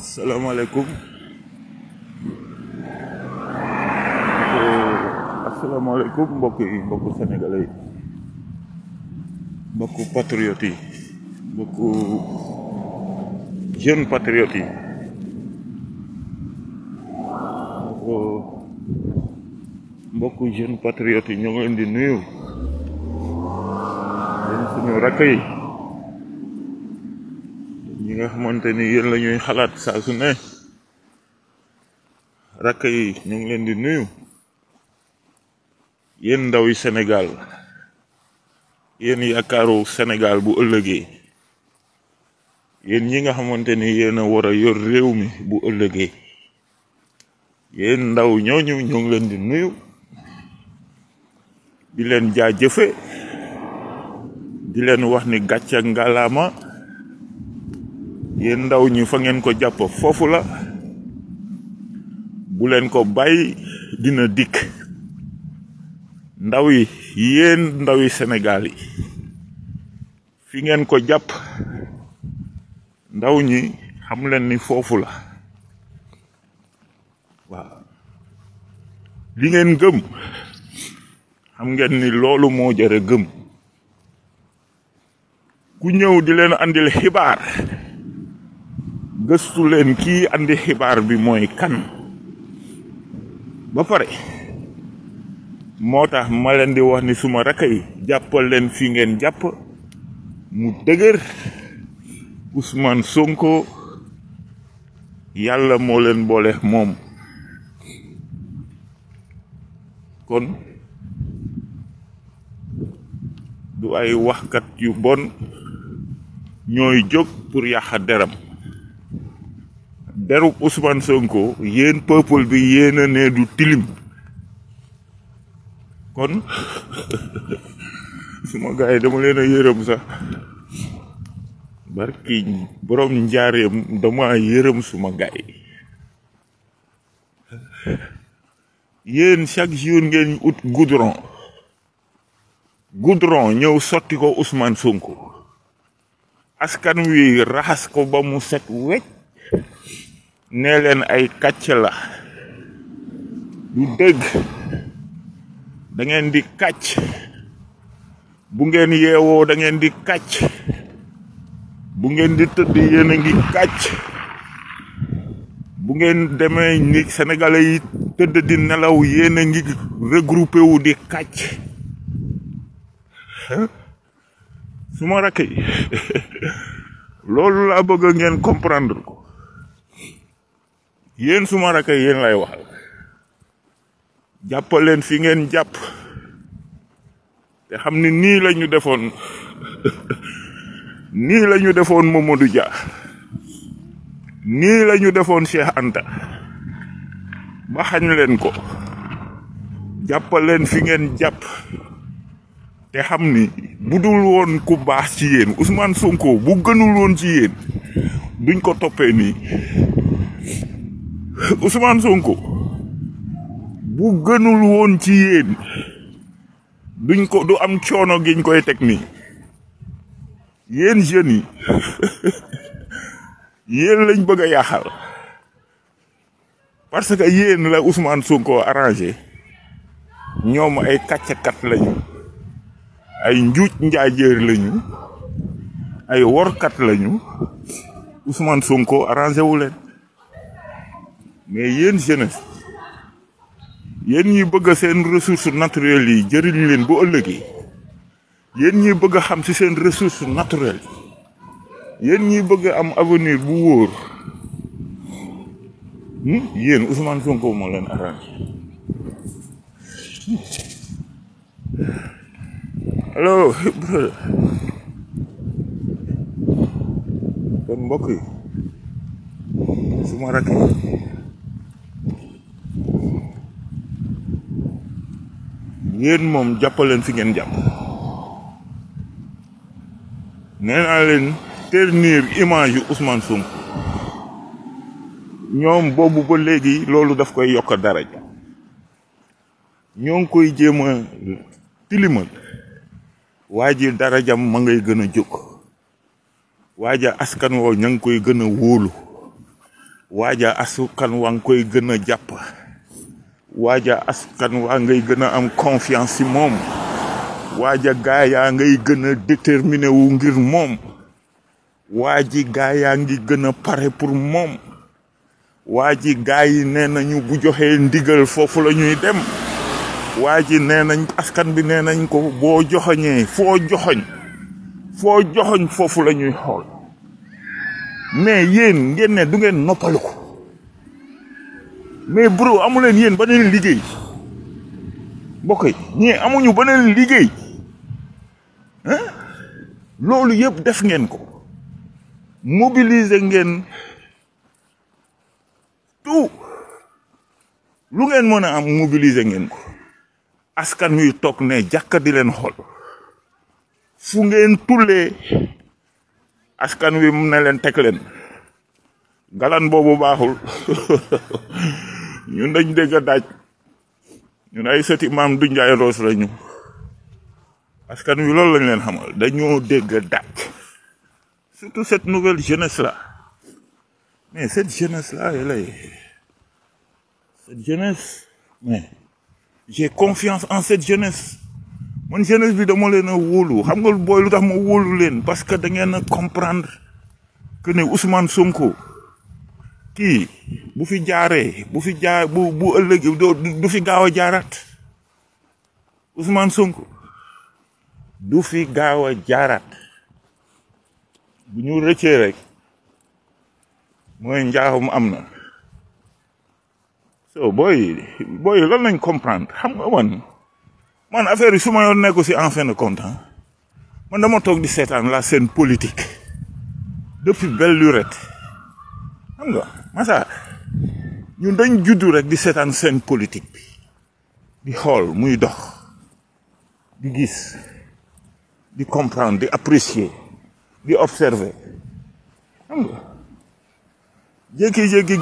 Assalamualaikum Assalamualaikum Bagi Bagi Senegalai mbokku patriote yi jen jeune patriote yi mbokku jeune patriote yi ngi di nuyu yéen suñu rakk yi ñi nga xamante ni la ñuy xalaat saa su ne rakk ñu ngi leen di nuyu yéen ndaw yi Sénégal Yen yaakaaru senegal bu ëllëgé yen ñi nga xamanteni yen yéen yor réew mi bu ëllëgé yen ndaw ñooñu ñu ngi leen di nuyu di leen jaajëfe di leen wax ni gatcha ngalama yen ndaw ñu fa ngeen ko japp fofu la bu leen ko bay dina dikk ndaw yi yéen ndaw yi senegaal yi fi ngeen ko jàpp ndaw ñi xam leen ni foofu la waaw li ngeen gëm xam ngeen ni loolu moo jëre gëm ku ñëw di leen andil xibaar gëstu leen kii andi xibaar bi mooy kan ba pare motax ma len di wax ni suma rakay jappal len fi ngeen japp mu deuguer Ousmane Sonko yalla mo len bolé mom kon du ay wax kat yu bon ñoy jog pour ya deram deru Ousmane Sonko yeen peuple bi yeena ne du tilim kon suma gars yi dama leen a yërëm sax barki borom njaareem dama yërëm suma gars yi yéen chaque jour ngeen ut goudron goudron ñëw sotti ko Ousmane Sonko askan wi raxas ko ba mu set wecc nee leen ay kàcc la du dëgg da ngeen di kàcc bu ngeen yeewoo dangeen di kàcc bu ngeen di tëdd yéen a ngi kàcc bu ngeen demee ni sénégalais yi tëdd di nelaw yéen a ngi regroupé wu di kàcc su ma rakk yi loolu laa bëgg ngeen comprendre ko yéen su ma rakk yi yéen lay waxal jappal len fi ngeen japp te xamni ni lañu defone ni lañu defone la Dia ni lañu defone Cheikh Anta ba xagn len ko jappal len fi ngeen japp te xamni budul won ku bax ci yeen Ousmane Sonko bu gënul won ci yeen duñ ko topé ni Ousmane Sonko. bu gënul woon ci yéen ko du am coono giñ koy teg nii yéen jeunes yi yéen lañ bëgg a yaaxal parce que yéen la Ousmane Sonko arrangé ñoom ay kàccakat lañu ay njuuj njaajeer lañu ay workat lañu Ousmane Sonko arrangé wu leen mais yéen jeunesse. yéen ñi bëgg seen ressources naturelles yi jëriñ leen bu ëllëgee yéen ñi bëgg a xam ci seen ressources naturelles yéen ñi bëgg am avenir bu wóor hmm? yéen Ousmane Sonko moo leen arrangé allo kon yi su ma rakk yéen moom jàppaleen fi ngeen jàpp nee naa leen image yu Ousmane Sonko ñoom boobu ba léegi loolu daf koy yokk daraja ñoo ngi koy jéem a tilimal waa ji darajam ma ngay gën a jóg waaja askan woo ña ngi koy gën a wóolu waaja askan waa ngi koy gën a jàpp waaja askan waa ngay gën a am confiance ci moom waaja gaa yaa ngay gën a déterminé wu ngir moom waa ji gaa yaa ngi gën a pare pour moom waa ji gaa yi nee nañu bu joxee ndigal foofu la ñuy dem waa ji nee nañ askan bi nee nañ ko boo joxoñee foo joxoñ foo joxoñ foofu la ñuy xool mais yéen ngeen ne du ngeen noppalu mais bro amu leen yéen beneen liggéey mbokk yi ñii amuñu beneen liggéey loolu yëpp def ngeen ko mobilise ngeen tout lu ngeen mën a am mobiliser ngeen ko askan wi toog ne jàkka di leen xool fu ngeen tullee askan wi mun na leen teg leen galan boobu baaxul ñun dañ dégg daaj ñun ay sëti maam du njaay roos lañu askan wi loolu lañ leen xamal dañoo dégg daaj surtout cette nouvelle jeunesse là mais cette jeunesse là elle est cette jeunesse mais j'ai confiance en cette jeunesse Mon jeunesse bi dama leen a wóolu xam nga booy lu tax ma wóolu leen parce que da ngeen a comprendre que ne Ousmane Sonko kii bu fi jaaree bu fi jaar bu bu ëllëgee du fi gaaw a jaarat Ousmane Sonko du fi gaaw a jaaraat bu ñu rëccee rek mooy njaaxum am na so booy booy loolu nañ comprendre xam nga man man affaire yi su ma yoon nekku si en fin de compte ah, man dama toog di seetaan la seen politique depuis belle lurette xam nga Massar ñun dañ juddu rek di seetaan seen politique bi di xool muy dox di gis di comprendre di apprécier di observer xam nga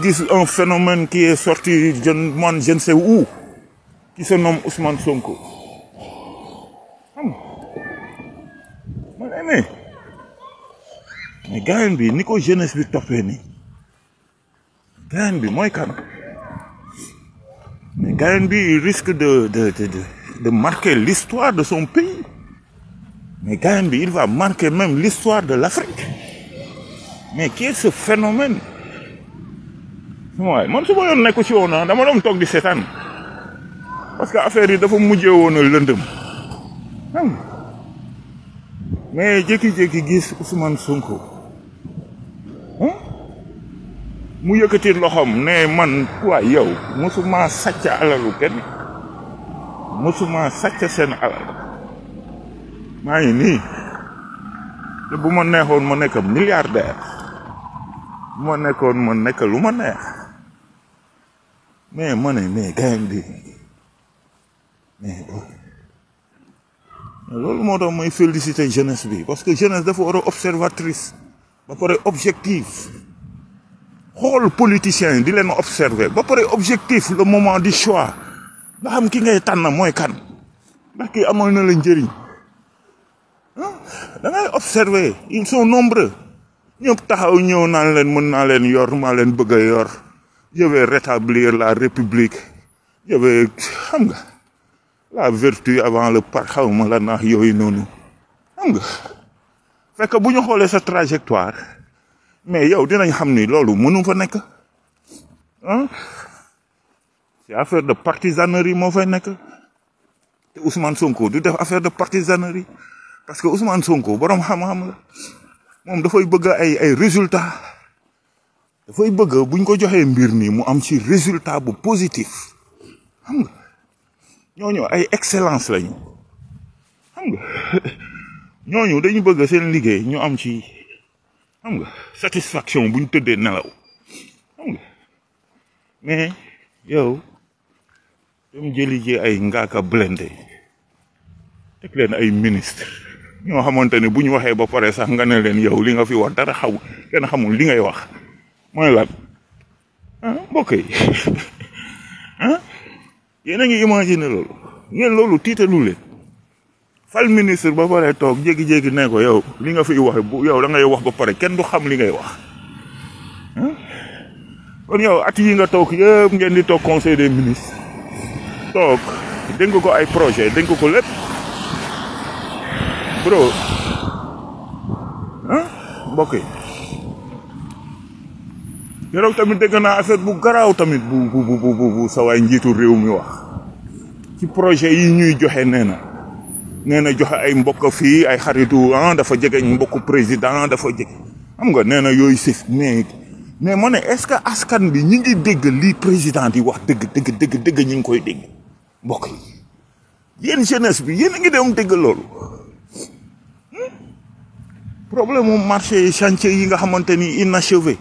gis un phénomène ki est sorti je man je ne sais où qui se nomme Sonko xam nga man mais gars bi ni ko jeunesse bi toppee nii. gayan bi mooy kan mais gayan bi il risque de de de de de marquer l'histoire de son pays mais gayan il va marquer même l'histoire de l'Afrique mais qui est ce phénomène Ouais, moi je ma yoon nekku ci suis ah, dama doon toog di seetaan parce que affaire yi dafa mujjee woon a lëndëm mais je jékki-jékki gis Ousmane Sonko mu yëkkati loxoom ne man waaye yow mosuma sàcc alalu kenn mosuma sàcc seen alal maa ngi nii te bu ma neexoon ma nekk milliardaire bu ma nekkoon ma nekk lu ma neex mais ma ne mais gayam bi mais loolu moo tax may féliciter jeunesse bi parce que jeunesse dafa war a observatrice ba pare objective les politiciens yi di leen observer ba pare objectif le moment du choix nga xam ki ngay tànn mooy kan ndax kii amal na la njëriñ da ngay observer ils sont nombreux ñëpp taxaw ñëw naan leen mën naa leen yor maa leen bëgg yor je vais rétablir la république je vais xam nga la vertu avant le par xaw la naax yooyu noonu xam nga fekk bu ñu sa trajectoire mais yow dinañ xam ni loolu mënu fa nekk ah c'est affaire de partisanerie moo fay nekk te Ousmane Sonko du def affaire de partisanerie parce que Ousmane Sonko borom xam-xam la moom dafay bëgg ay ay résultats dafay bëgg buñ ko joxee mbir nii mu am ci résultat bu positif xam nga ñooñu ay excellence lañu xam nga ñooñu dañu bëgg seen liggéey ñu am ci. xam nga satisfaction bu ñu tëddee nelaw xam nga mais yow dem jëli ji ay ngaaka blende teg leen ay ministre ñoo xamante ne bu ñu waxee ba pare sax nga ne leen yow li nga fi wax dara xaw kenn xamul li ngay wax mooy lan ah mbokk yi ah yéen a ngi imaginer loolu ngeen loolu tiitalu leen. fal ministre ba bare tok jegi jegi ne ko yow li nga fi wax bu yow da ngay wax ba pare ken du xam li ngay wax on yow ati yi nga tok yeb ngeen di tok conseil des ministres tok deng ko ay projet deng ko lepp bro ah bokki yow tamit dégg na affaire bu tamit bu bu bu bu bu way njitu rew mi wax ci projet yi ñuy joxe neena nee na joxe ay mbokk fii ay xaritu ah dafa jege mbokku président dafa jeg xam nga nee na yooyu sëf mais mais moo ne est-ce que askan bi ñu ngi dégg li président di wax dëgg dégg dëgg dëgg ñi ngi koy dégg mbokk yi yéen jeunesse bi yéen a ngi dem dégg loolu hmm? problème mu marché chantier yi nga xamante ni inachevé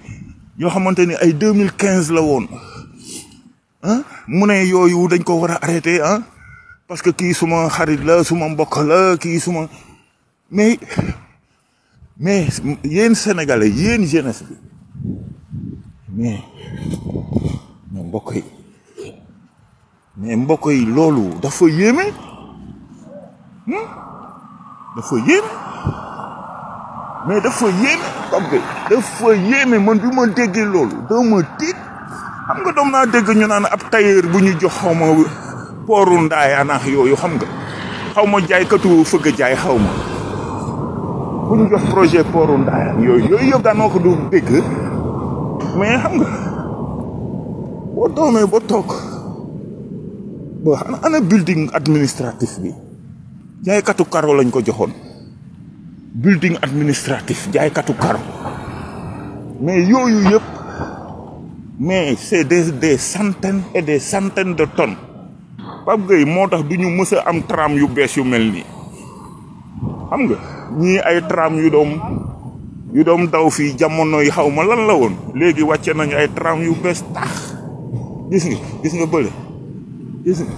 yoo xamante ni ay deux mille quinze la woon ah mu ne yooyu dañ ko war a arrêté ah parce que kii suma xarit la suma mbokk la kii suma mais mais yéen sénégalais yéen jeunesse bi mais mais mbokk yi mais mbokk yi loolu dafa yéeme hmm? dafa yéeme dafa yéeme Pape Gueye dafa yéeme man bi ma déggee loolu dama tiit xam nga doom naa dégg ñu naan ab tailleur bu ñu jox xaw ma pooru ndaay anaax yooyu xam nga xaw ma jaaykatu fëgg jaay xaw ma bu jox projet pooru ndaay yooyu yooyu yëpp daanoo ko du dégg mais xam nga boo doomee ba toog boo xam ana building administratif bi jaaykatu karo lañ ko joxoon building administratif jaaykatu karo mais yooyu yëpp mais c'est des des centaines et des centaines de tonnes pap gay motax musa mësa am tram yu bees yu melni xam nga ñi ay tram yu dom yu dom daw fi jamono yi xawma lan la won léegi wacce nañu ay tram yu bees tax gis nga gis nga bële gis nga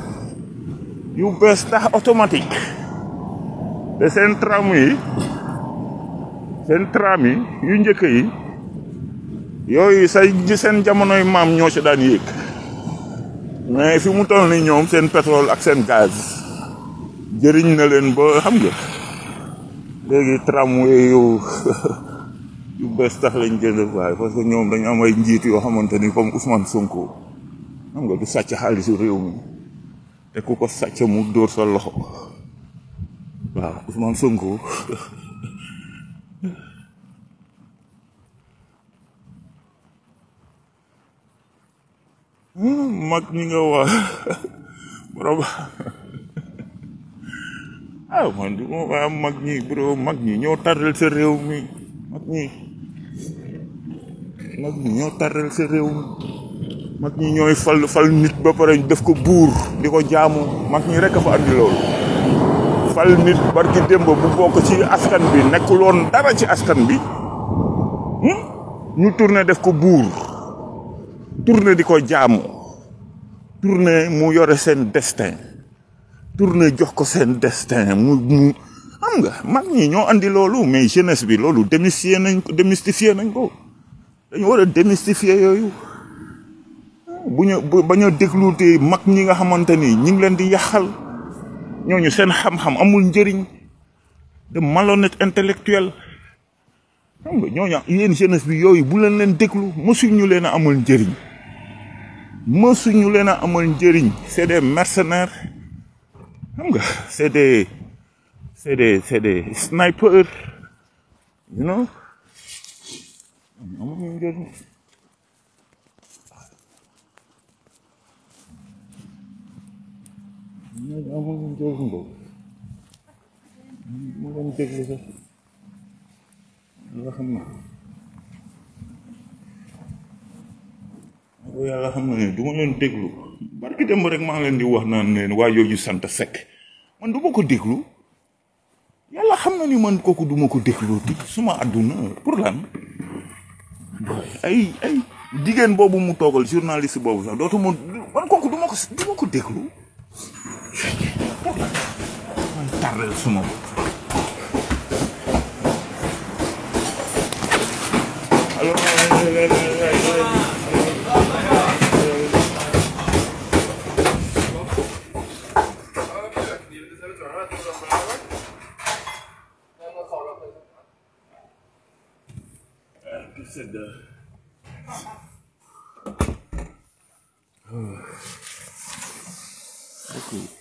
yu tax automatique te sen tram yi sen tram yi yu yi sa say jamono yi maam ñoo ci daan yéeg mais fi mu toll ni ñoom seen pétrole ak seen gaz jëriñ na leen ba xam nga léegi tramway yu yu bees tax lañ jënd waaye parce que ñoom dañu am ay njiit yoo xamante ni comme Ousmane Sonko xam nga du sàcc xaalisu réew mi te ku ko sàcc mu dóor sa loxo waaw Ousmane Sonko 막니가와 뭐라고 ah man du mo waa mag ñi bro mag ñi ñoo taral sa rew mi mag ñi mag ñi sa rew mi ñi fal fal nit ba pare def ko buur di ko jaamu mag ñi rek fa andi fal nit barki démb bu bokk ci askan bi nekkul woon dara ci askan bi hmm? ñu def ko tourné di ko jaamu tourné mu yore seen destin tourné jox ko seen destin mu mu xam nga mag ñi ñoo indi loolu mais jeunesse bi loolu demistier nañ ko démystifier nañ ko dañu war a démystifier yooyu bu ñu bañ a déglu te mag ñi nga xamante ni ñi ngi leen di yàqal ñooñu seen xam amul njëriñ de malhonnête intellectuel xam nga ñooñu yéen jeunesse bi yooyu bu leen leen déglu mosuñ ñu leen a amul njëriñ mësuñu leena amal njëriñ c'est des mercenaires xam nga c'est des c'est des c'est des snipers you know amuñu njëriñ amuñu njëriñ boobu mu leen déglu sax nga xam naa yow oh, yàlla ya xam na ne du ma leen déglu barki dem rek maa leen di wax naan leen waa yooyu sant sek man du ma ko déglu yàlla ya xam ni man kooku du ma ko déglu di suma àdduna pour lan ay ay jigéen boobu mu toogal journaliste boobu sax dootuma man kooku du ma ko du ma ko déglu pour lan man tardel suma bopp alors cool.